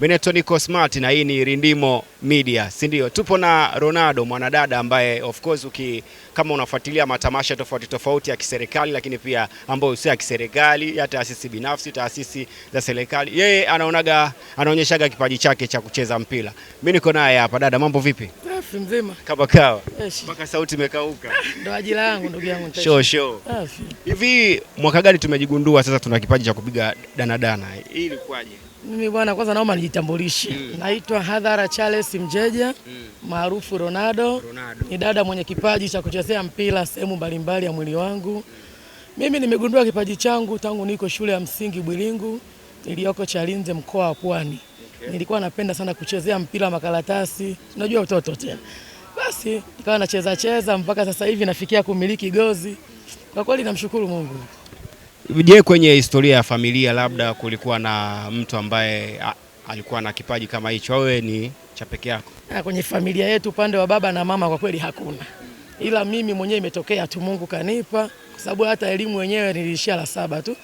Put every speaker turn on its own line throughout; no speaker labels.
Benetton niko smart na hii ni Rindimo Media, si ndio? Tupo na Ronaldo mwanadada ambaye of course uki, kama unafuatilia matamasha tofauti tofauti ya kiserikali, lakini pia ambayo sio ya kiserikali, ya taasisi binafsi, taasisi za serikali, yeye anaonaga anaonyeshaga kipaji chake cha kucheza mpira. Mimi niko naye hapa. Dada, mambo vipi?
Safi mzima. Kaba kawa. Mpaka
sauti imekauka.
Ndio ajira yangu ndugu yangu.
Show show. Safi. Hivi mwaka gani tumejigundua sasa tuna kipaji cha kupiga danadana? Hii ilikwaje?
Mimi bwana, kwanza naomba nijitambulishe. Mm. Naitwa Hadhara Charles Mjeja mm. maarufu Ronaldo. Ronaldo ni dada mwenye kipaji cha kuchezea mpira sehemu mbalimbali ya mwili wangu. Mm. Mimi nimegundua kipaji changu tangu niko shule ya msingi Bwilingu iliyoko Chalinze, mkoa wa Pwani. Okay. Nilikuwa napenda sana kuchezea mpira wa makaratasi, unajua utoto tena. Basi nikawa nacheza cheza mpaka sasa hivi nafikia kumiliki gozi. Kwa kweli namshukuru Mungu.
Je, kwenye historia ya familia labda kulikuwa na mtu ambaye alikuwa na kipaji kama hicho wewe ni cha peke yako?
Ah, kwenye familia yetu upande wa baba na mama kwa kweli hakuna, ila mimi mwenyewe imetokea tu, Mungu kanipa, kwa sababu hata elimu yenyewe niliishia la saba tu,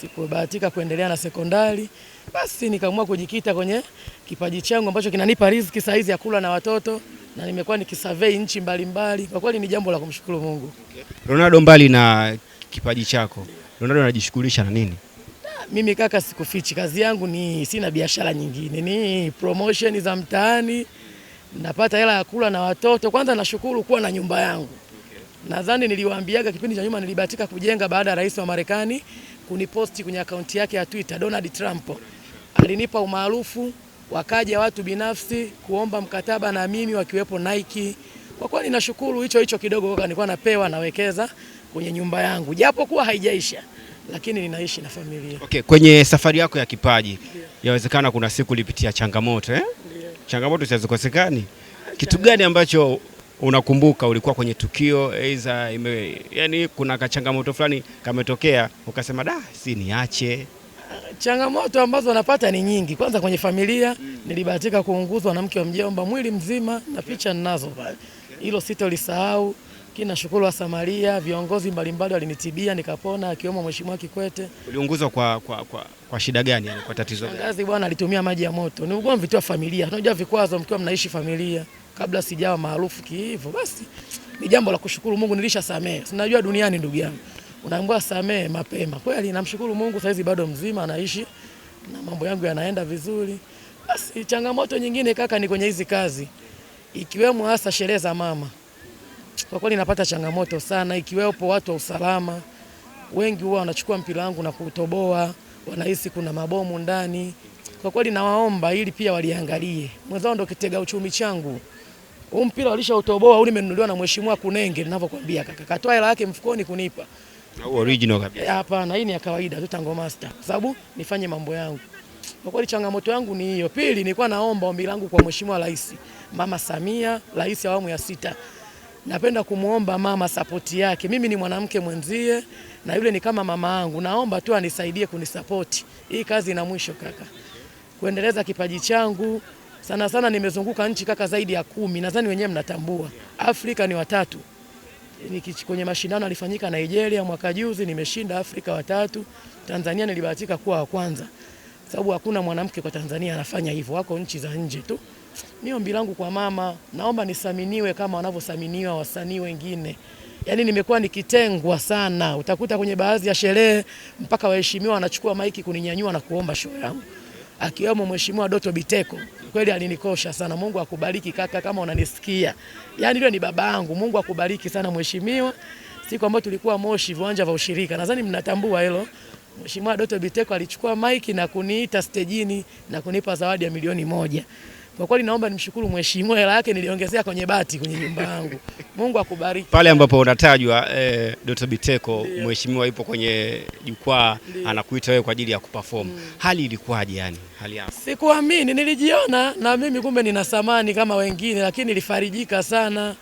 sikubahatika kuendelea na sekondari, basi nikaamua kujikita kwenye kipaji changu ambacho kinanipa riziki hizi ya kula na watoto na nimekuwa nikisurvey nchi mbalimbali mbali. Kwa kweli ni jambo la kumshukuru Mungu. Okay.
Ronaldo, mbali na kipaji chako Ronaldo anajishughulisha na nini?
Mimi kaka, sikufichi kazi yangu ni sina biashara nyingine, ni promotion za mtaani, napata hela ya kula na watoto. Kwanza nashukuru kuwa na nyumba yangu. Nadhani niliwaambiaga kipindi cha nyuma, nilibahatika kujenga baada ya rais wa Marekani kuniposti kwenye akaunti yake ya Twitter. Donald Trump alinipa umaarufu, wakaja watu binafsi kuomba mkataba na mimi, wakiwepo Nike. Kwa kweli nashukuru hicho hicho kidogo nilikuwa napewa nawekeza kwenye nyumba yangu, japo kuwa haijaisha lakini ninaishi na familia.
Okay, kwenye safari yako ya kipaji yawezekana kuna siku ulipitia changamoto eh? Changamoto zinazokosekani. Kitu gani ambacho unakumbuka ulikuwa kwenye tukio aidha ime yani kuna kachangamoto fulani kametokea ukasema da si niache?
Changamoto ambazo napata ni nyingi. Kwanza kwenye familia mm. nilibahatika kuunguzwa na mke wa mjomba mwili mzima na picha ninazo pale. Hilo sitolisahau. Lakini nashukuru wa Samaria, viongozi mbalimbali walinitibia nikapona, akiwemo Mheshimiwa Kikwete.
Uliunguzwa kwa, kwa, kwa, kwa shida gani kwa tatizo
gani? Ngazi bwana alitumia maji ya moto. Ni ugomvi tu wa familia. Unajua vikwazo mkiwa mnaishi familia kabla sijawa maarufu kihivyo, basi ni jambo la kushukuru Mungu nilishasamehe. Sinajua duniani ndugu yangu. Unaambiwa samehe mapema. Kweli namshukuru Mungu saizi bado mzima anaishi na mambo yangu yanaenda vizuri. Basi changamoto nyingine kaka, ni kwenye hizi kazi ikiwemo hasa sherehe za mama kwa kweli napata changamoto sana, ikiwepo watu wa usalama wengi huwa wanachukua mpira wangu na kuutoboa, wanahisi kuna mabomu ndani. Kwa kweli nawaomba ili pia waliangalie, mwenzao ndo kitega uchumi changu. Huu mpira walishautoboa, nimenunuliwa na mheshimiwa Kunenge, ninavyokuambia kaka, katoa hela yake mfukoni kunipa
original kabisa.
Eh, hapana, hii ni ya kawaida tu Tango Master, kwa sababu nifanye mambo yangu. Kwa kweli changamoto yangu ni hiyo. Pili, nilikuwa naomba ombi langu kwa mheshimiwa rais, mama Samia, rais awamu ya sita napenda kumwomba mama sapoti yake. Mimi ni mwanamke mwenzie na yule ni kama mama angu, naomba tu anisaidie kunisapoti. Hii kazi ina mwisho kaka, kuendeleza kipaji changu. Sana sana nimezunguka nchi kaka zaidi ya kumi, nadhani wenyewe mnatambua, Afrika ni watatu kwenye mashindano alifanyika Nigeria mwaka juzi, nimeshinda Afrika watatu. Tanzania nilibahatika kuwa wa kwanza, sababu hakuna mwanamke kwa Tanzania anafanya hivyo, wako nchi za nje tu. Mimi ombi langu kwa mama, naomba nisaminiwe kama wanavyosaminiwa wasanii wengine. Yaani nimekuwa nikitengwa sana, utakuta kwenye baadhi ya sherehe mpaka waheshimiwa wanachukua maiki kuninyanyua na kuomba show yangu, akiwemo mheshimiwa Doto Biteko. Kweli alinikosha sana. Mungu akubariki kaka, kama unanisikia. Yaani ile ni baba yangu. Mungu akubariki sana mheshimiwa. Siku ambayo tulikuwa Moshi, viwanja vya ushirika, nadhani mnatambua hilo. Mheshimiwa Doto Biteko alichukua maiki na kuniita stejini na kunipa zawadi ya milioni moja. Kwa kweli naomba nimshukuru mheshimiwa, hela yake niliongezea kwenye bati kwenye nyumba yangu. Mungu akubariki.
Pale ambapo unatajwa eh, Dr. Biteko mheshimiwa yupo kwenye jukwaa anakuita wewe kwa ajili ya kuperform. Mm. Hali ilikuwaje yani? Hali yako?
Sikuamini, nilijiona na mimi kumbe nina samani kama wengine, lakini nilifarijika sana.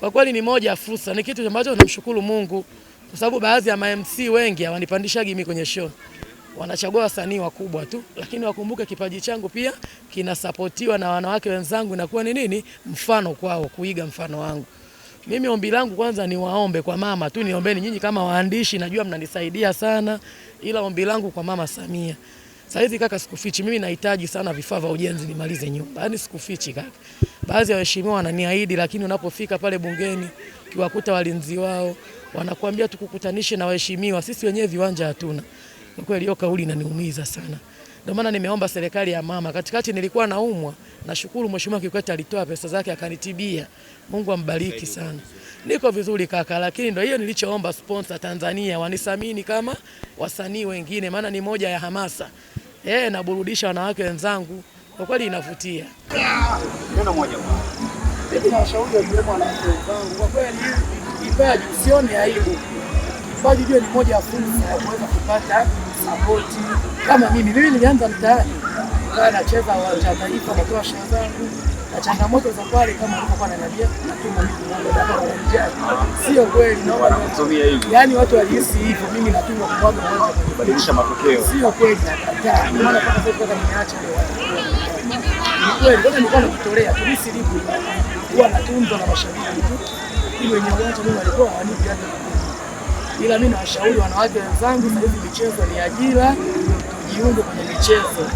Kwa kweli ni moja fursa, ni kitu ambacho namshukuru Mungu kwa sababu baadhi ya ma MC wengi hawanipandishagi mimi kwenye show wanachagua wasanii wakubwa tu, lakini wakumbuke kipaji changu pia kinasapotiwa na wanawake wenzangu, inakuwa ni nini mfano kwao, kuiga mfano wangu. Mimi ombi langu kwanza ni waombe kwa mama tu, niombeni nyinyi kama waandishi, najua mnanisaidia sana, ila ombi langu kwa mama Samia Saizi kaka, sikufichi mimi nahitaji sana vifaa vya ujenzi nimalize nyumba, yani sikufichi kaka. Baadhi ya waheshimiwa wananiahidi, lakini unapofika pale bungeni kiwakuta walinzi wao wanakuambia tukukutanishe na waheshimiwa, sisi wenyewe viwanja hatuna. Ni kweli hiyo kauli inaniumiza sana. Ndio maana nimeomba serikali ya mama, katikati nilikuwa naumwa, nashukuru Mheshimiwa Kikwete alitoa pesa zake akanitibia. Mungu ambariki sana. Niko vizuri kaka, lakini ndio hiyo nilichoomba sponsor Tanzania wanisamini kama wasanii wengine, maana ni moja ya hamasa e, naburudisha wanawake wenzangu, kwa kweli inavutia.
Neno moja kwa kweli,
aibu ni moja ya fursa ya kuweza kupata support kama mimi. Mimi nilianza mtaani, kwa nacheza wa Taifa, natoa show zangu na changamoto za pale, kama alivyokuwa ananiambia natuma mimi, sio kweli,
naomba nitumie hivi.
Yani watu walihisi hivyo, mimi natuma kwa sababu naweza
kubadilisha matokeo,
sio kweli, Hata maana kwa sababu kwa niacha ni kweli, kwa nilikuwa nakutolea tu, mimi silipo huwa natunzwa na mashabiki tu, ili wenye uwanja mimi walikuwa hawanipi hata ila mi nawashauri wanawake wenzangu, sasa hivi michezo ni ajira, jiunge kwenye michezo.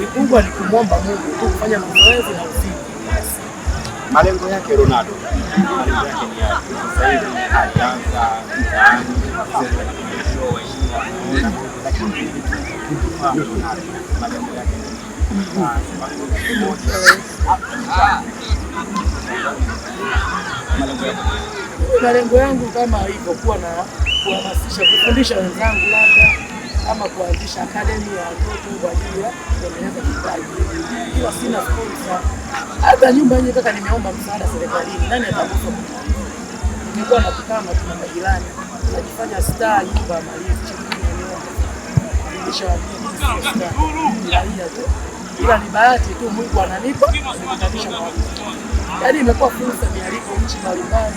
Kikubwa ni kumwomba Mungu tu, kufanya mazoezi na uzidi.
Malengo yake Ronaldo, malengo yake
ni malengo yangu kama ilivyokuwa na kuhamasisha, kufundisha wenzangu labda ama kuanzisha akademi ya watoto kwa ajili ya kuendeleza kipaji. ila sina sponsor, hata nyumba yenyewe kaka, nimeomba msaada serikalini, nani atakufa? Nimekuwa na kukama tuna majirani najifanya star, nyumba malizi raia tu, ila ni bahati tu, Mungu ananipa, yani, imekuwa fursa, mialiko nchi mbalimbali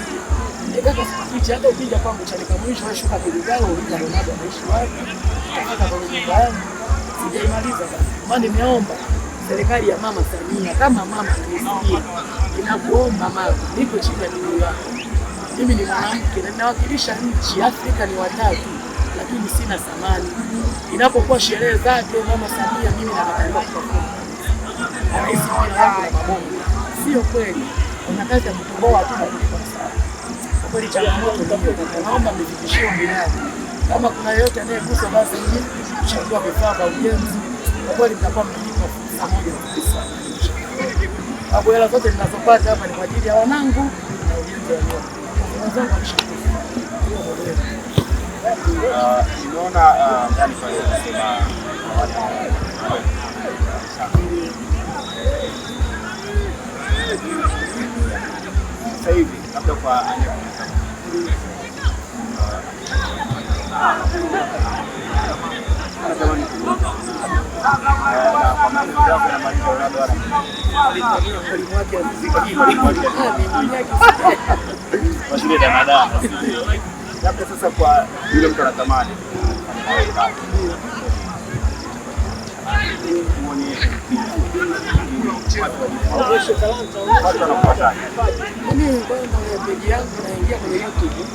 nimeomba serikali ya mama Samia, kama mama anisikia, ninakuomba mama, niko chini ya miguu yako. Mimi ni mwanamke na ninawakilisha nchi. Afrika ni watatu, lakini sina samani. Inapokuwa sherehe zake mama Samia, mimi nakataliwa kutoka. Sio kweli, una kazi ya kutoboa tu kweli changamoto utakuwa, naomba mnifikishie ombi Kama kuna yeyote anayeguswa basi ni kuchagua vifaa vya ujenzi, kwa kweli mtakuwa mmejipa fursa moja kabisa. hela zote ninazopata hapa ni kwa ajili ya wanangu na ujenzi wa nyumba. Wenzangu wanashukuru.
Nimeona uh, ndani pale hivi labda kwa mashule daladala labda sasa, kwa yule mtu anatamani
mimi kwenye peji yangu naingia kwenye YouTube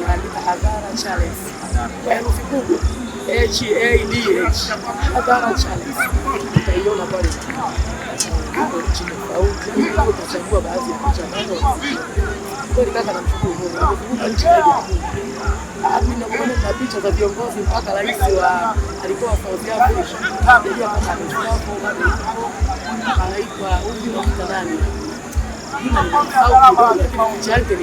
naandika Hadhara Challenge, herufi kubwa H A D H, Hadhara Challenge, utaiona pale. Chagua baadhi ya picha kweli kaka, namshukuru Mungu nimezunguka na picha za viongozi mpaka rais wa alikuwa South Africa, najua kama amestaafu anaitwa huyu mtu nani nchi yake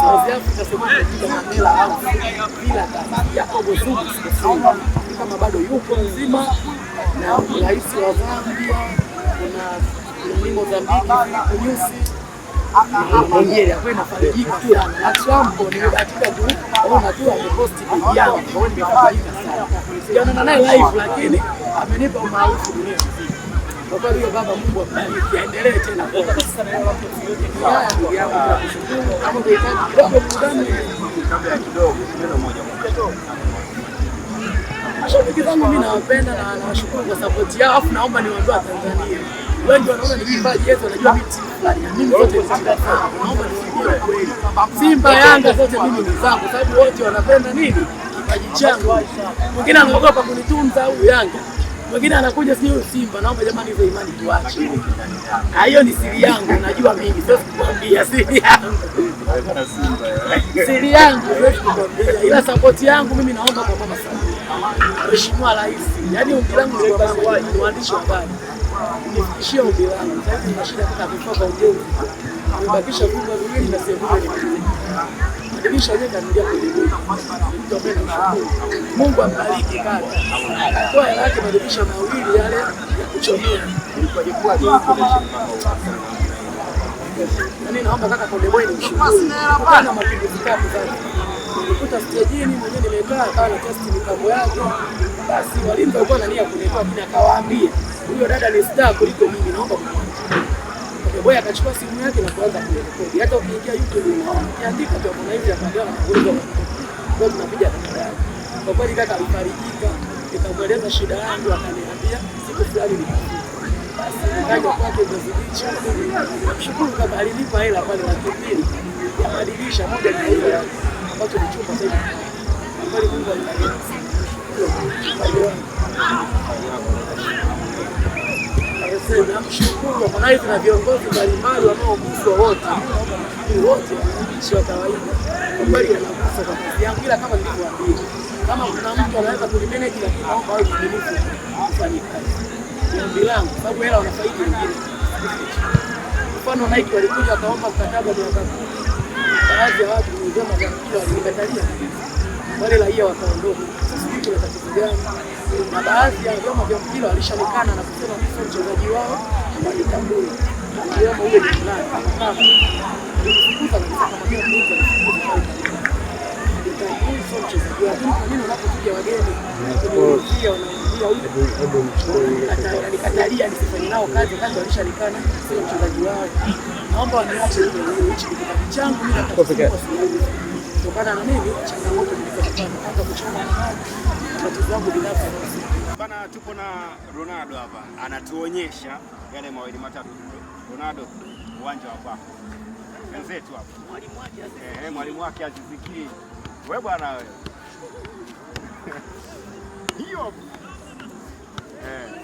South Africa, sasa Mandela au bila Jacob Zuma sikosei, kama bado yuko nzima, na rais wa Zambia kuna Mozambiki, Nyusi lakini amenipa umaarufu dunia nzima. Kwa kweli hiyo baba, Mungu akubariki, aendelee tena. Mashabiki zangu mimi nawapenda na nawashukuru kwa support yao, afu naomba niwaambie Tanzania wengi wanaona ni mbaji yetu, wanajua mimi zote Simba. Naomba nisikie kweli, Simba Yanga zote mimi ni zangu, sababu wote wanapenda nini kipaji changu. Mwingine anaogopa kunitunza au Yanga, mwingine anakuja sio Simba. Naomba jamani, hizo imani tuache, na ah, hiyo ni siri yangu, najua mimi, sio kukwambia siri yangu, siri yangu sio kukwambia, ila sapoti yangu mimi naomba kwa mama sana, Mheshimiwa Rais, yaani ombi langu ni kwa ni mwandishi wa habari nifikishia ombi langu. Sasa ni mashine ya vifaa vya ujenzi, amebakisha vyumba viwili na sehemu moja madirisha yenyewe yanaingia kwenye Mungu ambariki kaka, kwa yake madirisha mawili yale ya kuchomea yaani, naomba kaka Konde Boy nimshukuru na mapinduzi yake sana nimefika stejini mwenyewe nimekaa kawa na testi mitambo yake, basi walimu walikuwa na nia kunitoa, lakini akawaambia huyo dada ni star kuliko mimi, naomba kumwacha. Akachukua simu yake na kuanza kurekodi, hata ukiingia YouTube unaona kiandika kwa kuna hivi hapa ndio anakuuliza kwa tunapiga dada. Kwa kweli kaka alifarijika, nikamweleza shida yangu, akaniambia siku fulani nitakuja. Basi nikaja kwake mwezi mmoja, namshukuru kama alinipa hela pale laki mbili ya madirisha moja na hiyo ambacho ni chumba sasa hivi Mungu amesema mshukuru Harmonize na viongozi mbalimbali wanaoguswa wote wote, sio kawaida kwa kweli, anagusa kwa kazi yangu, ila kama nilivyowaambia, kama kuna mtu anaweza kulimanage, lakini naomba awe mwaminifu afanye kazi ombi langu, sababu hela wanafaidi wengine. Mfano Nike walikuja wakaomba mkataba miaka kumi baadhi ya watu walikatalia wale raia wakaondoka. Sasa sijui kuna tatizo gani, na baadhi ya vyama vya mpira walishanikana na kusema kusa mchezaji wao walitambua akiwemo ule wageni alikatalia nisifanye nao kazi, kazi walishanikana sio mchezaji wao naomba niache kitabu changu kutokana na nini, changamoto nilizoanza kuchoma
matatizo yangu binafsi bana. Tupo na Ronaldo hapa, anatuonyesha yale mawili matatu. Ronaldo, uwanja wa kwako wenzetu hapa, mwalimu wake eh, eh, mwalimu wake azizikii wewe bwana wewe hiyo eh